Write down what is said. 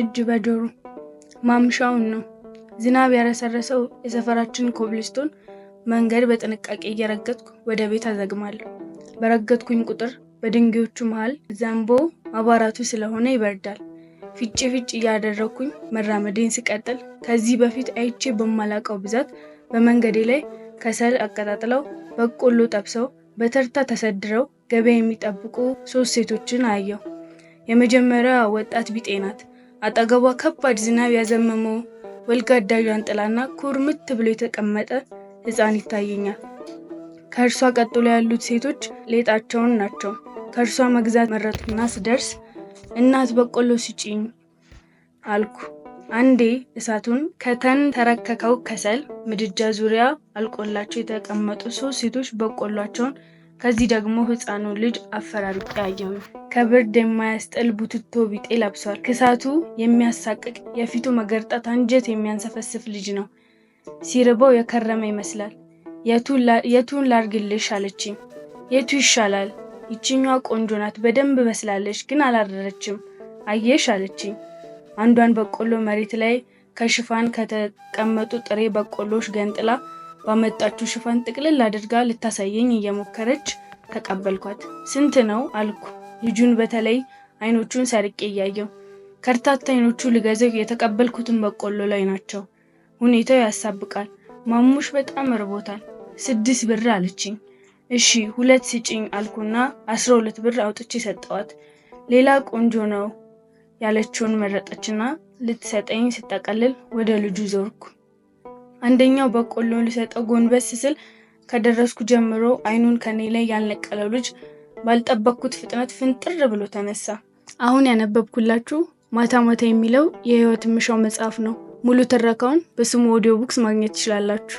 እጅ በጆሮ ማምሻውን ነው። ዝናብ ያረሰረሰው የሰፈራችን ኮብልስቶን መንገድ በጥንቃቄ እየረገጥኩ ወደ ቤት አዘግማለሁ። በረገጥኩኝ ቁጥር በድንጋዮቹ መሃል ዘንቦ አቧራቱ ስለሆነ ይበርዳል። ፊጭ ፊጭ እያደረግኩኝ መራመዴን ስቀጥል ከዚህ በፊት አይቼ በማላቀው ብዛት በመንገዴ ላይ ከሰል አቀጣጥለው በቆሎ ጠብሰው በተርታ ተሰድረው ገበያ የሚጠብቁ ሶስት ሴቶችን አየሁ። የመጀመሪያዋ ወጣት ቢጤ ናት። አጠገቧ ከባድ ዝናብ ያዘመመው ወልጋዳ ዣንጥላና ኩርምት ብሎ የተቀመጠ ሕፃን ይታየኛል። ከእርሷ ቀጥሎ ያሉት ሴቶች ሌጣቸውን ናቸው። ከእርሷ መግዛት መረጡና ስደርስ እናት በቆሎ ስጪኝ አልኩ። አንዴ እሳቱን ከተን ተረከከው ከሰል ምድጃ ዙሪያ አልቆላቸው የተቀመጡ ሶስት ሴቶች በቆሏቸውን ከዚህ ደግሞ ህፃኑ ልጅ አፈራሩ ያየው ነው። ከብርድ የማያስጠል ቡትቶ ቢጤ ለብሷል። ክሳቱ የሚያሳቅቅ የፊቱ መገርጣት አንጀት የሚያንሰፈስፍ ልጅ ነው። ሲርበው የከረመ ይመስላል። የቱን ላርግልሽ አለችኝ። የቱ ይሻላል? ይችኛዋ ቆንጆ ናት፣ በደንብ በስላለች፣ ግን አላረረችም። አየሽ አለችኝ። አንዷን በቆሎ መሬት ላይ ከሽፋን ከተቀመጡ ጥሬ በቆሎች ገንጥላ ባመጣችው ሽፋን ጥቅልል አድርጋ ልታሳየኝ እየሞከረች ተቀበልኳት። ስንት ነው አልኩ፣ ልጁን በተለይ አይኖቹን ሰርቄ እያየው። ከርታታ አይኖቹ ልገዘው የተቀበልኩትን በቆሎ ላይ ናቸው። ሁኔታው ያሳብቃል። ማሙሽ በጣም እርቦታል። ስድስት ብር አለችኝ። እሺ ሁለት ስጭኝ አልኩና አስራ ሁለት ብር አውጥቼ ሰጠዋት። ሌላ ቆንጆ ነው ያለችውን መረጠችና ልትሰጠኝ ስጠቀልል ወደ ልጁ ዞርኩ። አንደኛው በቆሎ ሊሰጠው ጎንበስ ስል ከደረስኩ ጀምሮ አይኑን ከኔ ላይ ያልነቀለው ልጅ ባልጠበቅኩት ፍጥነት ፍንጥር ብሎ ተነሳ። አሁን ያነበብኩላችሁ ማታ ማታ የሚለው የህይወት ምሻው መጽሐፍ ነው። ሙሉ ትረካውን በስሙ ኦዲዮ ቡክስ ማግኘት ትችላላችሁ።